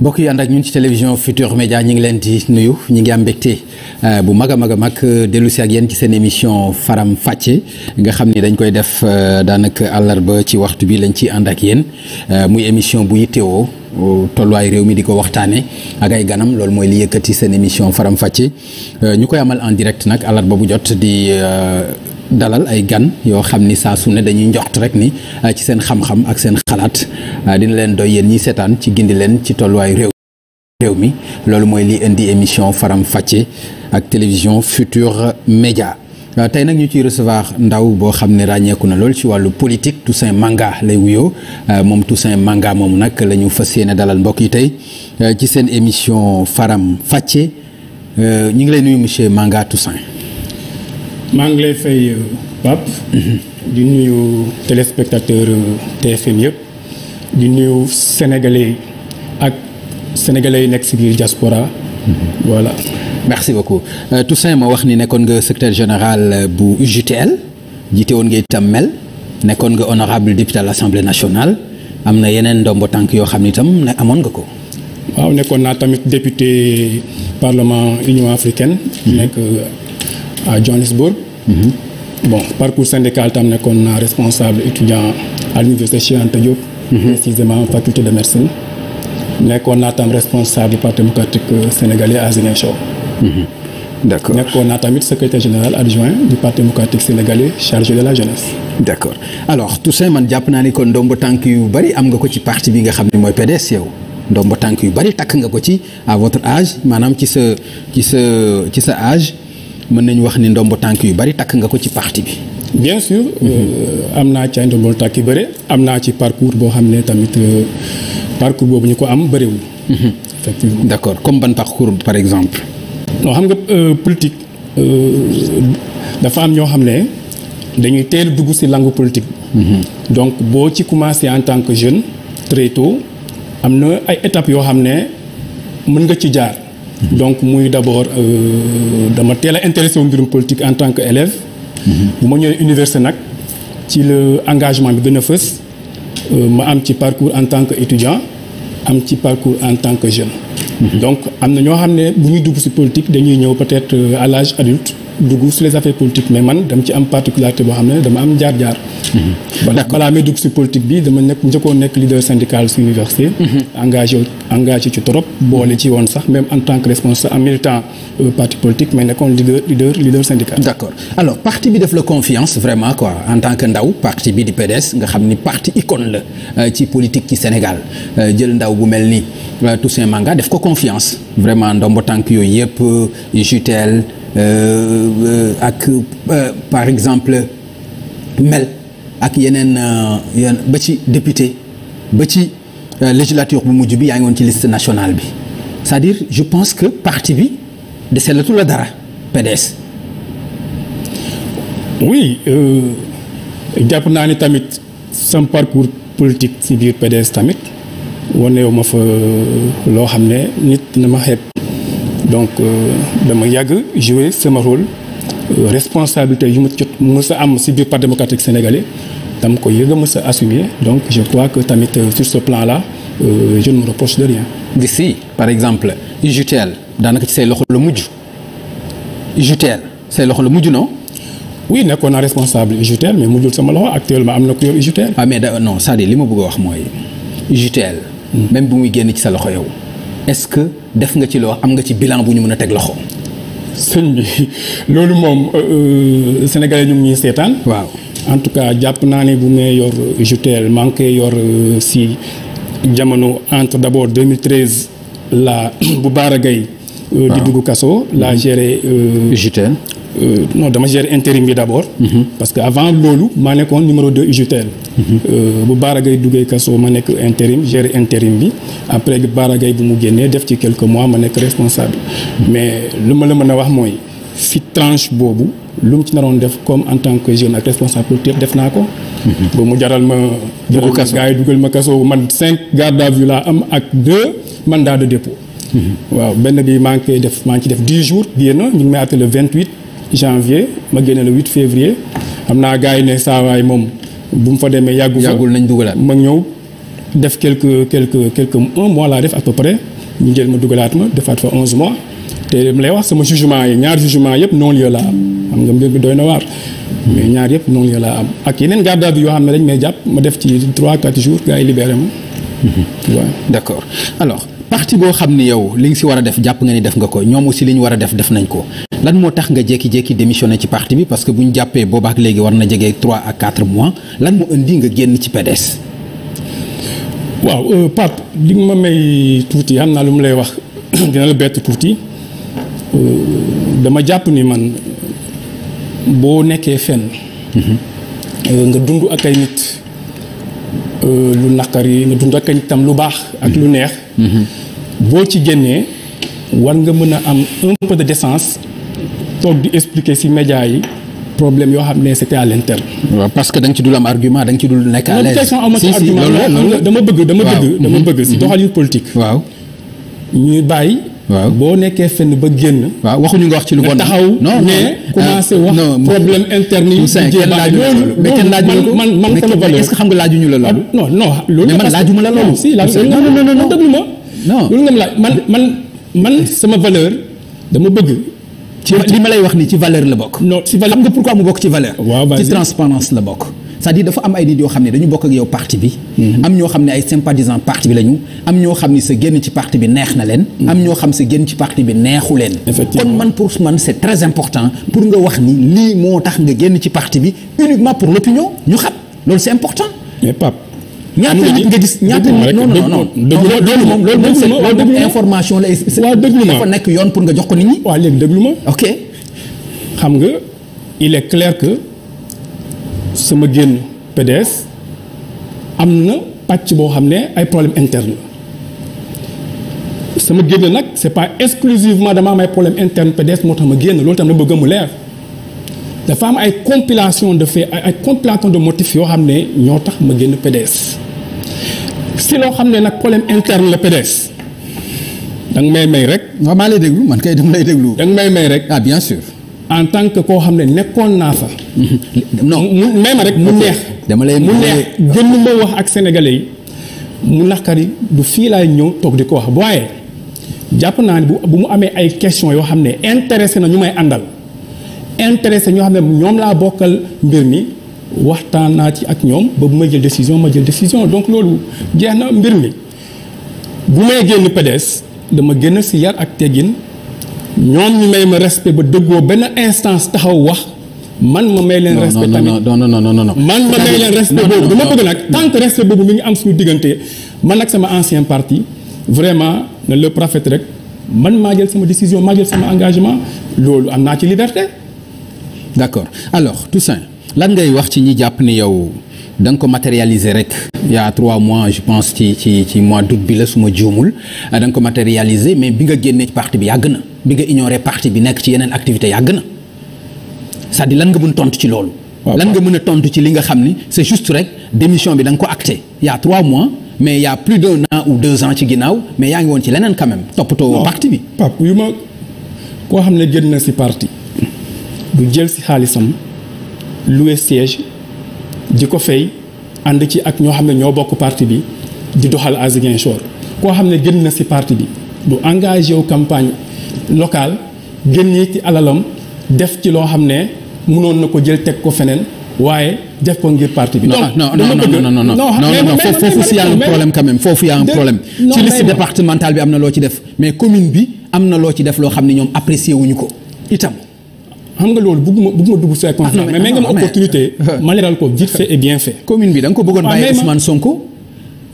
mbokk yi ànd ak ñun ci télévision Futur Média ñi ngi leen di nuyu ñi ngi am mbégte euh, bu mag a mag a mag euh, dellu si ak yéen ci seen émission Faram Fàcce nga xam ni dañ koy def euh, daanaka àllarba ci waxtu bi lañ ci ànd ak yéen muy émission bu yittewoo tolluwaay réew mi di ko waxtaane ak ay ganam loolu mooy li yëkkati seen émission Faram Fàcce ñu koy amal en direct nag àllarba bu jot di. dalal ay gan yoo xam ni saa su ne dañuy njoxt rek ni ah, ci seen xam-xam ak seen xalaat ah, dina leen doy yéen ñi seetaan ci gindi leen ci tolluwaayu réew réew mi loolu mooy li indi émission Faram Facce ak télévision Futur Média ah, tey nag ñu ciy recevoir ndaw boo xam ne ràññeeku na loolu ci wàllu politique Toussaint Manga lay wuyoo moom Toussaint Manga moomu nag la ñu fas yéene dalal mbokk yi tey ci seen émission Faram Facce ñu ngi leen nuyu monsieur Manga Toussaint maa ngi lay fay Pape mhm. di nuyu téléspectateur TFM yëpp di nuyu sénégalais ak sénégalais yi nekk si biir diaspora mhm. voilà. merci beaucoup euh, Toussaint ma wax ni nekkoon nga secrétaire général bu UJTL jiite woon nga itam mel nekkoon nga honorable député à l'Assemblée nationale am na yeneen ndombo tànk yoo xam ni itam amoon nga ko. waaw nekkoon naa tamit député parlement Union africaine. Mhm. nekk euh, à Johannesburg. Mhm. bon parcours syndical tam nekkoon naa responsable étudiant à l'université Cheikh Anta Diop. Mhm. précisément faculté de médecine. nekkoon naa tam responsable du parti démocratique sénégalais à Ziguinchor. Mhm. d' accord nekkoon naa tamit secretaire général adjoint du parti démocratique sénégalais chargé de la jeunesse. d' alors Toussaint man jàpp naa ni kon ndombo tànk yu bari am nga ko ci parti bi nga xam ne mooy PDS yow. ndombo tànk yu bari takk nga ko ci à votre âge maanaam ci sa ci sa ci sa âge. mën nañu wax ni ndombo tànk yu bari takk nga ko ci parti bi. bien sûr euh, am naa ci ay ndombol tànk yi bëre am naa ci parcours boo xam ne tamit euh, parcours boobu ñu ko am bëriwul. Mhm. effectivement d' accord comme ban parcours par exemple. non xam nga euh, politique dafa am ñoo xam ne dañuy teel dugg ci langue politique. Mhm. donc boo ci commencé en tant que jeune très am na ay étapes yoo xam ne mën nga ci jaar. donc muy d' abord euh, dama teel a intéressé wu mbirum politique en tant que élève. Mhm. bu ma ñëwee université nag ci le engagement bi gën a fës euh, ma am ci parcours en tant que étudiant am ci parcours en tant que jeune. Mhm. donc am na ñoo xam ne bu muy dugg si politique dañuy ñëw peut-être euh, à lage adulte. dugg si les affaires politiques mais man dem ci am particularité boo xam ne dama am jaar-jaar. Mhm. balaa may dugg si politique bi dama nekk njëkkoon nekk leader syndical université. Mhm. engagé engagé ci trop. boole ci woon sax même en tant que responsable en militant euh, parti politique mais nekkoon leader leader leader syndical. d' accord alors parti bi def la confiance vraiment quoi en tant que ndaw parti bi di PDS nga xam ni parti icône la euh, ci politique ci Sénégal euh, jël ndaw bu mel ni Toussaint Manga def ko confiance vraiment ndombo tànk yooyu yëpp JTL. Euh, ak euh, par exemple mel ak yeneen euh, yenn ba ci député ba ci législature bu mujj bi yaa ngi woon ci liste nationale bi c'est-à-dire je pense que parti bi deselatu la dara PDS. oui jàpp naa ni tamit sam parcours politique ci biir PDS tamit wane wu ma fa loo xam ne nit na ma xeeb. donc euh, dama yàgg jouer sama rôle euh, responsabilité yu ma jot mu a am si biir parti démocratique sénégalais dama ko yëg a mës a assumer donc je crois que tamit euh, sur ce plan la jeune ne me reproche de rien. d'ici par exemple UJTL daanaka ci say loxo la mujj UJTL say loxo la mujj non. oui nekkoon naa responsable UJTL mais mujjul sama loxo actuellement am na ku yor UJTL. ah mais da non cest à li ma bëgg a wax mooy UJTL. Hmm. même bu muy génn ci sa loxo yow. est-ce que def nga ci loo am nga ci bilan bu ñu mën a teg loxo. sëñ bi loolu moom euh, euh, sénégalais ñu ngi seetaan. waaw en tout cas jàpp naa ne bu may yor JTL maa ngi koy yor euh, si jamono entre d'abord 2013 la bu Baara Gaye di dugg kaso la mm-hmm. géré. JTL Euh, non dama gérer intérim bi d' abord. Mhm. parce que avant loolu maa nekkoon numéro 2 UJTL. Mhm. Euh, bu baaragay duggee kaso ma nekk intérim gérer intérim bi après baaragay bi mu génnee def ci quelques mois ma nekk responsable. mais lu ma la mën a wax mooy fi tranche boobu lu mu ci naroon def comme en tant que jeune ak responsable politique def naa ko. Mhm. ba mu jaral ma. jaral ma gars yi ma kaso man cinq garde à vue laa am ak deux mandats de dépôt. waaw benn bi maa ngi koy def maa ngi ci def dix jours génn ñu ngi janvier ma génne la 8 février xam naa gars yi ne saawaay moom bu mu fa demee yàggu yàggul nañ dugalaat ma ñëw def quelque quelque quelque un mois laa def à peu près ñu jël ma dugalaat ma defaat fa 11 mois te mu lay wax sama jugement yi ñaar jugement yëpp non-lieu laa am xam nga na waar mais ñaar yëpp non-lieu laa am ak yeneen garde à yoo xam ne dañ may jàpp ma def ci 3 4 jours gars yi libéré ma. waaw mhm. d'accord alors. parti boo xam ne yow li nga si war a def jàpp nga ni def nga ko ñoom aussi li ñu war a def def nañ ko lan moo tax nga jékki-jékki démissionné ci parti bi parce que bu ñu jàppee boobaak léegi war na jege 3 ak 4 mois lan moo indi nga génn ci PDS. waaw euh, Pape li ma may tuuti xam naa lu mu lay wax dina la bett tuuti euh, dama jàpp ni man boo nekkee fenn. Mhm. Euh, nga dund ak ay nit lu naqari nga dund ak ay nit tam lu baax. ak lu mhm. neex. boo ci génnee war nga mën a am un peu de décence toog di expliquer ci média yi problème yoo xam ne c'était à l'interne. waaw parce que da nga ci dul am argument da nga ci dul nekk à l'aise. si si loolu dama bëgg dama bëgg. dama mhm. bëgg ci mhm. doxalin politique. waaw ñuy bàyyi waaw boo nekkee fenn ba génn. waaw waxuñu nga wax ci lu bon. taxaw mais commencé euh, wax problème interne yi. loolu man man sama valeur est-ce que xam nga laajuñu la loolu. Ah, non non ah, loolu man laajuma la loolu. laajuma non non ma. non loolu nga ma laaj man man man sama valeur dama bëgg. ci li ma lay wax nii ci valeur la bokk. non si valeur xam nga pourquoi mu bokk ci valeur. waaw ci transparence la bokk. sa à dafa am ay nit yoo xam ne dañu bokk ak yow parti bi mhm. am ñoo xam ne ay sympathisant parti bi lañu am ñoo xam ne sa génn ci parti bi neex na leen mhm. am ñoo xam sa génn ci parti bi neexu leen kon man pour man c'est très important pour nga wax ni lii moo tax nga génn ci parti bi uniquement pour l'opinion ñu xam loolu c'est important mais ñaata nga gis ñaata nit non non non loolu moom loolu moom information la waaw déglu ma dafa nekk yoon pour nga jox ko nit ñi waaw léegi déglu ma ok xam nga il est clair que sama génn PDS am na pàcc boo xam ne ay problème interne sama génn nag c'est pas exclusivement dama am ay problème interne PDS moo tax ma génn loolu tam na bëgg mu leer dafa am ay compilation de faits ay compilation de motifs yoo xam ne ñoo tax ma génn PDS si loo xam ne nag problème interne la PDS danga may may rek. waaw maa lay déglu man kay dama lay déglu. danga may may rek. ah bien sûr. en tant que koo xam ne nekkoon naa fa. non may ma rek mu neex. dama lay mu neex gën ma wax ak sénégalais yi mu naqari du fii laay ñëw toog di ko wax waaye jàpp naa ne bu bu mu amee ay question yoo xam ne intéressé na ñu may àndal intéressé ñoo xam ne ñoom laa bokkal mbir mi waxtaan naa ci ak ñoom ba bu may jël décision ma jël décision donc loolu jeex na mbir mi bu may génn PDS dama génn si yar ak teggin ñoom ñu may ma respect ba dëggoo benn instance taxaw wax. man ma may leen respect tamit non non non non man ma may leen respect boobu dama bëgg nag tant respect boobu mi ngi am suñu diggante man ak sama ancien parti vraiment ne le prophète rek man maa jël sama décision maa jël sama engagement loolu am naa ci liberté. d'accord alors Toussaint lan ngay wax ci ñi jàpp ni yow da nga ko matérialiser rek. il trois mois je pense ci ci ci mois d'août bi la suma ma juumul da ko matérialiser mais bi nga génnee parti bi yàgg na bi nga ignorer parti bi nekk ci yeneen activité yàgg na. cest à lan nga mën tontu ci loolu. Ah, lan nga mën a tontu ci li nga xam ni c'est juste rek démission bi danga ko acté y trois mois mais y a plus d'un an ou deux ans ci ginnaaw mais yaa ngi woon ci leneen quand même. toppatoo parti bi. yu ma koo xam ne jël na si parti du jël si xaalisam loué siège di ko fay ànd ci ak ñoo xam ne ñoo bokk parti bi di doxal à Ziguinchor koo xam ne gën na si parti bi du engagé wu campagne locale gën ñi ci alalam def ci loo xam ne. mënoon na ko jël teg ko feneen waaye def ko ngir parti bi. donc non non non non foofu si y a un problème quand même foofu y a un problème. ci liste départementale bi am na loo ci def mais commune bi am na loo ci def loo xam ne ñoom apprécié wuñu ko itam. xam nga loolu bugg ah, ma opportunité ma leeral ko vite fait et bien fait. commune bi da nga ko bëggoon bàyyi ah, Ousmane Sonko.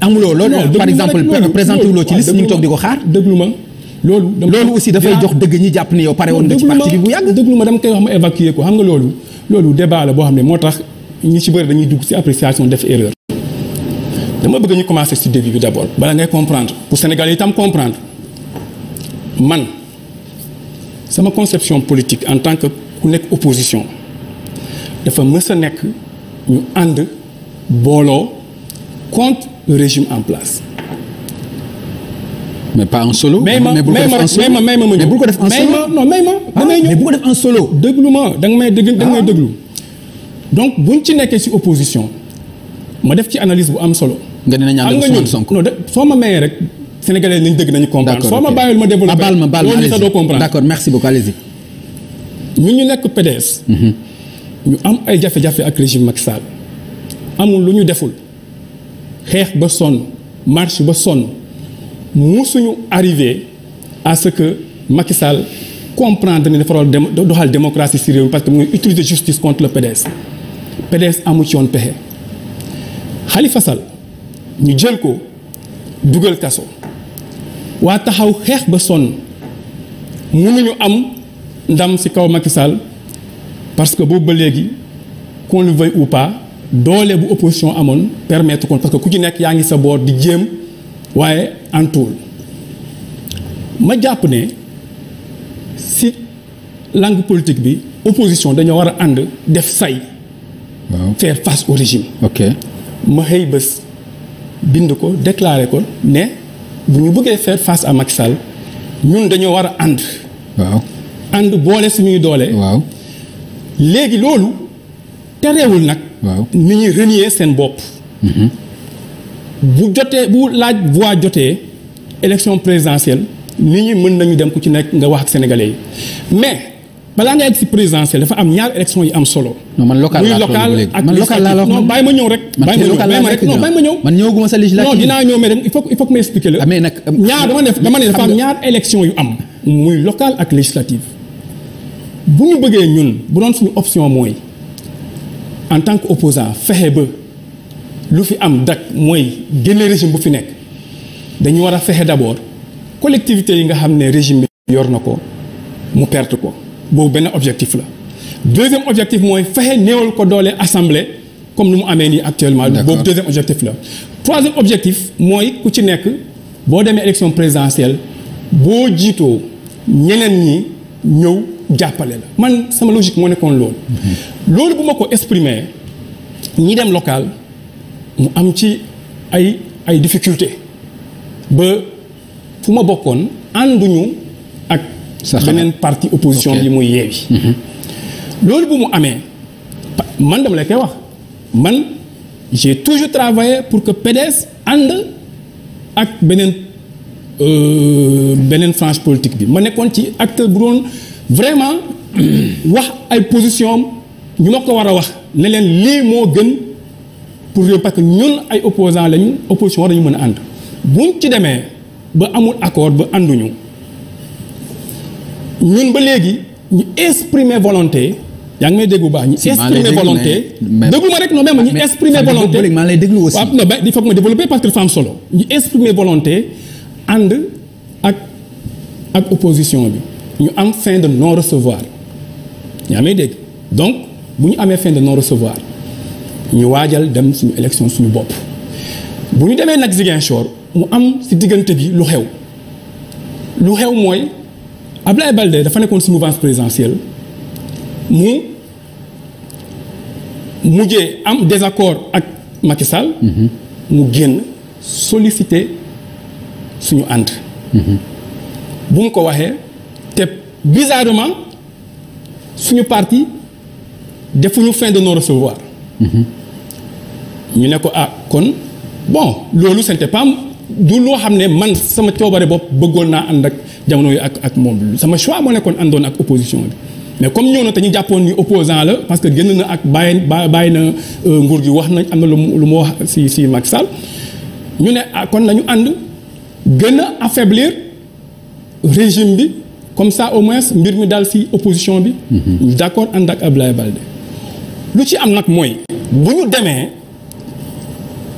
amuloo loolu par exemple présenté wuloo ci liste ñu ngi toog di ko xaar déglu ma. loolu loolu aussi dafay jox dëgg ñi jàpp ne yow pare woon nga ci parti bi bu yàgg déglu ma dama koy wax ma évacuer ko xam nga loolu loolu débat la boo xam ne moo tax ñi ci bëri dañuy dugg ci appréciation def erreur dama bëgg ñu commencer ci début bi d'abord bala ngay comprendre pour Sénégalais yi tam comprendre man sama conception politique en tant que ku nekk opposition dafa mës a nekk ñu ànd booloo contre le régime en place mais pas en solo. mais ma mais ma mais ma mais bu ah, ko def en solo non mais ma. damay ñëw mais bu ko def en solo. déglu ma danga may déglu danga may ah. déglu. donc buñ ci nekkee ci opposition ma def ci analyse bu am solo. nga ne ñaan Ousmane Sonko non de soo ma mayee rek sénégalais nañ dëgg nañu comprendre. soo ma bàyyiwul ma développé. Ah, baal ma baal ma allez-y doo comprendre. d'accord merci beaucoup allez-y. ñun ñu nekk PDS. Mhm. ñu am ay jafe-jafe ak régime Macky Sall amul lu ñu deful xeex ba sonn marche ba sonn. mu musuñu arrivé à ce que Macky Sall comprendre ni dafa doon doxal démocratie si réew mi parce que muy ngi utiliser justice contre le PDS PDS amu ci woon pexe Khalifa Sall ñu jël ko dugal kaso waa taxaw xeex ba sonn mënuñu am ndam si kaw Macky Sall parce que boobu ba léegi qu'on le veuille ou pas doole bu opposition amoon permettre kon parce que ku ci nekk yaa ngi sa boor di jéem waaye antuwul ma jàpp ne si langue politique bi opposition dañoo war a ànd def say waaw faire face au ok ma xëy bés bind ko déclaré ko ne bu ñu bëggee faire face à Macky Sall ñun dañoo war a ànd ànd boole suñuy doole waaw léegi loolu terewul nag waaw ni ñuy renier seen bopp mhm. bu jotee bu laaj voix jotee élection présidentielle nit ñi mën nañu dem ku ci nekk nga wax ak sénégalais yi mais balaa nga egg si présidentielle dafa am ñaar élection yi am solo. non man local laa local ak man local laa local laa rek non bàyyi ñëw. man ñëwaguma sa législative non dinaa ñëw mais il faut il faut que ma expliquer la. Ah, mais euh, ñaar dama dama ne dafa am ñaar yu am. muy local ak législative bu ñu bëggee ñun bu doon suñu option mooy en tant que opposant fexe ba. lu fi am dak mooy génne régime bu fi nekk dañu war a fexe d'abord collectivité yi nga xam ne régime yor na ko mu perte ko boobu benn objectif la deuxième objectif mooy fexe néewal ko doole assemblée comme ni mu amee nii actuellement boobu deuxième objectif la troisième objectif mooy ku ci nekk boo demee élection présidentielle boo jiitoo ñeneen ñi ñëw jàppale la man sama logique moo nekkoon loolu mhm. loolu bu ma ko exprimer ñi dem local mu am ci ay ay difficulté ba fu ma bokkoon ànduñu ak beneen parti opposition bi muy yeewi mhm. loolu bu mu amee man dama la koy wax man j'ai toujours travaillé pour que PDS ànd ak beneen euh, beneen frange politique bi ma nekkoon ci acteur bu doon vraiment wax ay position ñu ma ko war a wax ne leen lii moo gën pour yooyu parce que ñun ay opposants lañu a dañu mën a ànd buñ ci demee ba amul accord ba ànduñu ñun ba léegi ñu exprimer volonté yaa ngi may dégg bu baax ñu exprimer volonté dégguma rek non même ñu exprimer volonté maa lay déglu aussi waaw non ba il faut que ma développer parce que dafa am solo ñu exprimer volonté ànd ak ak opposition bi ñu am fin de non recevoir yaa may dégg donc bu ñu amee fin de non recevoir ñu waajal dem suñu élection suñu bopp bu ñu demee nag Ziguinchor mu am si diggante bi lu xew lu xew mooy Ablaye Balde dafa nekkoon si mouvance présidentielle mu mujjee am désaccord ak Macky Sall. Mhm. mu génn solliciter suñu ànd. Mhm. bu mu ko waxee te bizarrement suñu parti defuñu fin de no recevoir. Mhm. ñu ne ko ah kon bon loolu c'était pam du loo xam ne man sama coobare bopp bëggoon naa ànd ak jamono yi ak ak moom sama choix moo nekkoon àndoon ak opposition bi mais comme ñëw na te ñu jàppoon ni la parce que génn na ak bàyyi bàyyi na euh, nguur gi wax nañ am na lu mu lu mu wax si si Macky Sall ñu ne ah kon nañu ànd gën a affaiblir régime bi comme ça au moins mbir mi daal si opposition bi. Mm-hmm. d'accord ànd ak Abdoulaye Baldé lu ci am nag mooy bu ñu demee.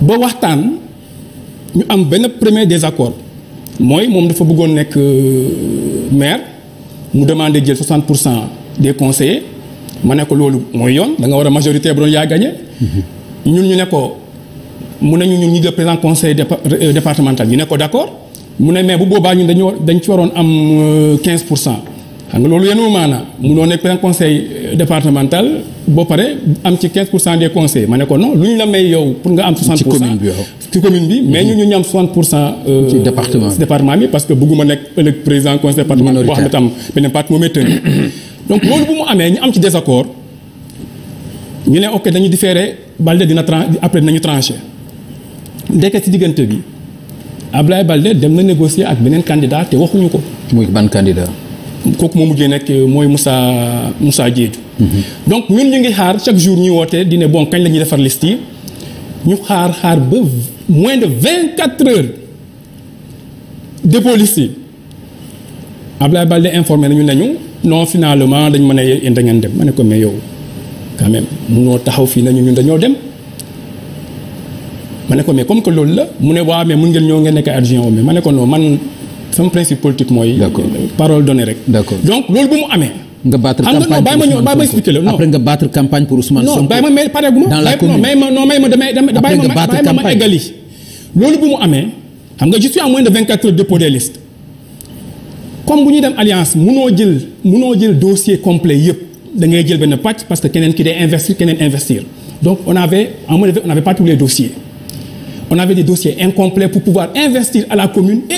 ba waxtaan ñu am benn premier désaccord mooy moom dafa bëggoon nekk euh, maire mu demandé jël 60 pour cent des conseillers ma nekk loolu mooy yoon da nga war a majorité bu doon yaa gagné. ñun ñu ne ko mu ne ñu ñun ñu jël président conseil euh, départemental ñu ne ko d' accord mu ne mais bu boobaa ñun dañu dañ ci waroon am euh, quinze pour cent. xam nga loolu yenu maanaa munoo nekk président conseil euh, départemental boo pare am ci 15 pour cent des conseil ma ne ko non lu ñu la may yow pour nga am 60 pour ci commune bi mais ñu ñu am 60 pour cent euh, ci département bi parce que bëgguma nekk ëllëg président conseil départemental boo xam ne tam beneen parti moom tënk donc loolu bu mu amee ñu am ci désaccord ñu ne ok dañu différé Balde dina tran après dinañu tranché ndeket ci diggante bi Ablaye Balde dem na négocier ak beneen candidat te waxuñu ko. muy ban candidat. kooku moo mujjee nekk euh, mooy Moussa Moussa Diédhiou. Mm-hmm. donc ñun ñu ngi xaar chaque jour ñuy wootee dina ne bon kañ la defar liste yi ñu xaar xaar ba moins de vingt quatre heures dépôt liste yi Ablaye Balde informé nañu ne ñu non finalement dañ mën a yéen da ngeen dem ma ne ko mais yow quand même munoo taxaw fii nañu ñun dañoo dem. ma ne ko mais comme que loolu la mu ne waa mais mun ngeen ñëw ngeen nekk adjoint mais ma ne ko non man. sama principe politique mooy. Euh, parole donnée rek. donc loolu bu mu amee. nga battre campagne pour Ousmane Sonko après nga pour Ousmane Sonko non ma mais pare gu ma. may ma ma damay damay loolu bu mu amee xam nga je suis à moins de 24 heures de dépôt des listes comme bu ñuy dem alliance munoo jël munoo dossier complet yëpp da ngay jël benn pàcc parce que keneen ki day investir keneen investir donc on avait en moins de on avait pas tous on avait des dossiers incomplets pour pouvoir investir la commune et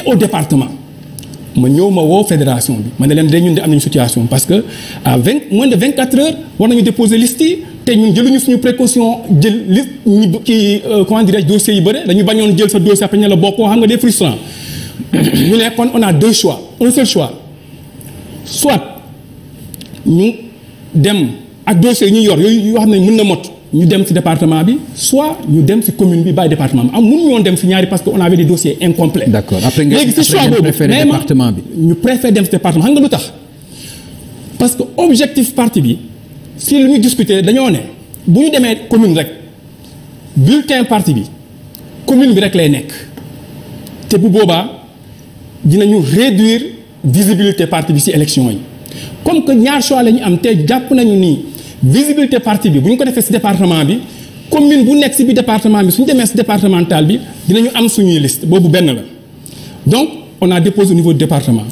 ma ñëw ma woo fédération bi ma ne leen de ñun de am nañu situation parce que à vingt moins de vingt quatre heures war nañu déposer liste yi te ñun ñu suñu précaution jël liste ñu kii euh, comment dirais-je dossiers yi bëre dañu bañoon jël sa dossier après ñu la bokkoo xam nga des frustrant ñu ne kon on a deux choix un seul choix soit ñu dem ak dossier yi ñu yor yooyu yoo xam ne mën na mot. ñu dem ci département bi soit ñu dem ci commune bi bàyyi département bi am ah, mënu ñoon dem ci ñaari parce que on avait des dossiers incomplets. d'accord après ngeen préféré département bi ñu préféré dem ci département xam nga lu tax parce que objectif parti bi si lu ñu discuter dañoo ne bu ñu demee commune rek bulletin parti bi commune bi rek lay nekk te bu boobaa dinañu réduire visibilité parti bi ci élection yi comme que ñaar choix la ñu am te jàpp nañu nii. visibilité parti bi bu ñu ko defee si département bi commune bu nekk si biir département bi suñu demee ci départemental bi dinañu am suñuy liste boobu benn la donc on a déposé au niveau du département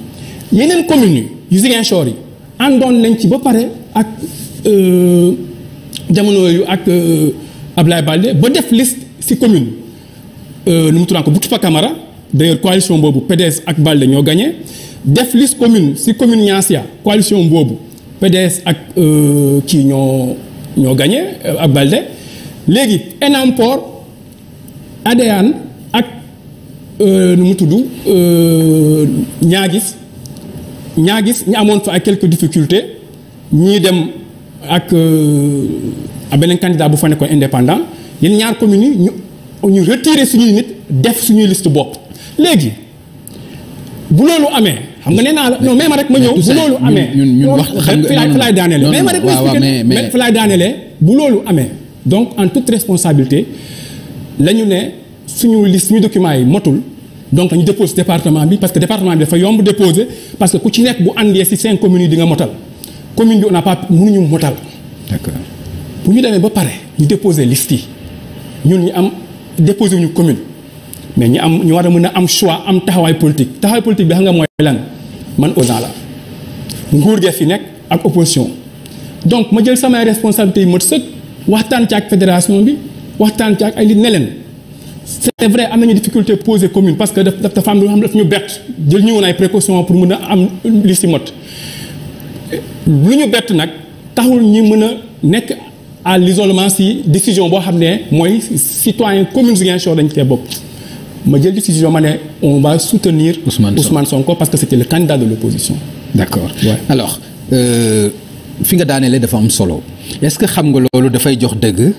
yeneen commune yi yu Ziguinchor yi àndoon nañ ci ba pare ak euh, jamono yu ak ab euh, Ablaye Baldé ba def liste ci commune lu euh, mu tuddaan ko Boutifa Camara d'ailleurs coalition boobu PDS ak Baldé ñoo gagné def liste commune ci commune Niassia coalition boobu. PDS ak euh, kii ñoo ñoo gagné euh, ak Balde léegi Enampor Adéane ak euh, nu mu tudd ñaagis ñaagis ñu amoon fa ak quelques difficultés ñuy dem ak a beneen candidat bu fa nekkoon indépendant yéen ñaar communes yi ñu ñu retirer suñuy nit def suñuy liste bopp léegi bu loolu amee. xam nga nee a la non mais ma rek ma ñëw bu loolu amee ñun wax xam nga fi laay daaneele mais ma rek daaneele bu loolu amee donc en toute responsabilité la ñu ne suñu liste suñu yi motul donc ñu dépose département bi parce que département bi dafa yomb déposer parce que ku ci nekk bu àndee si cinq communes yi di nga commune bi on n'a pas mënuñu motal d'accord bu ñu demee ba pare ñu déposer liste yi ñun ñu am déposé wuñu commune mais ñu am ñu war a mën a am choix am taxawaay politique taxawaay politique bi xam nga mooy lan man opposant la nguur gee fi nekk ak opposition donc ma jël samay responsabilité yi mat sëkk waxtaan ci ak fédération bi waxtaan ci ak ay li ne leen c'est vrai am nañu difficulté posée commune parce que daf dafa am lu xam daf ñu bett jël ñu woon ay précaution pour mën a am li si mot lu ñu bett nag taxul ñi mën a nekk à l'isolement si décision boo xam ne mooy citoyen commune Ziguinchor dañ cee bokk ma jël décision ma ne on va soutenir Ousmane, Ousmane Sonko parce que c'était le candidat de l'opposition d'accord ouais. alors euh, fi nga daanelee dafa am solo est-ce que xam nga loolu dafay jox dëgg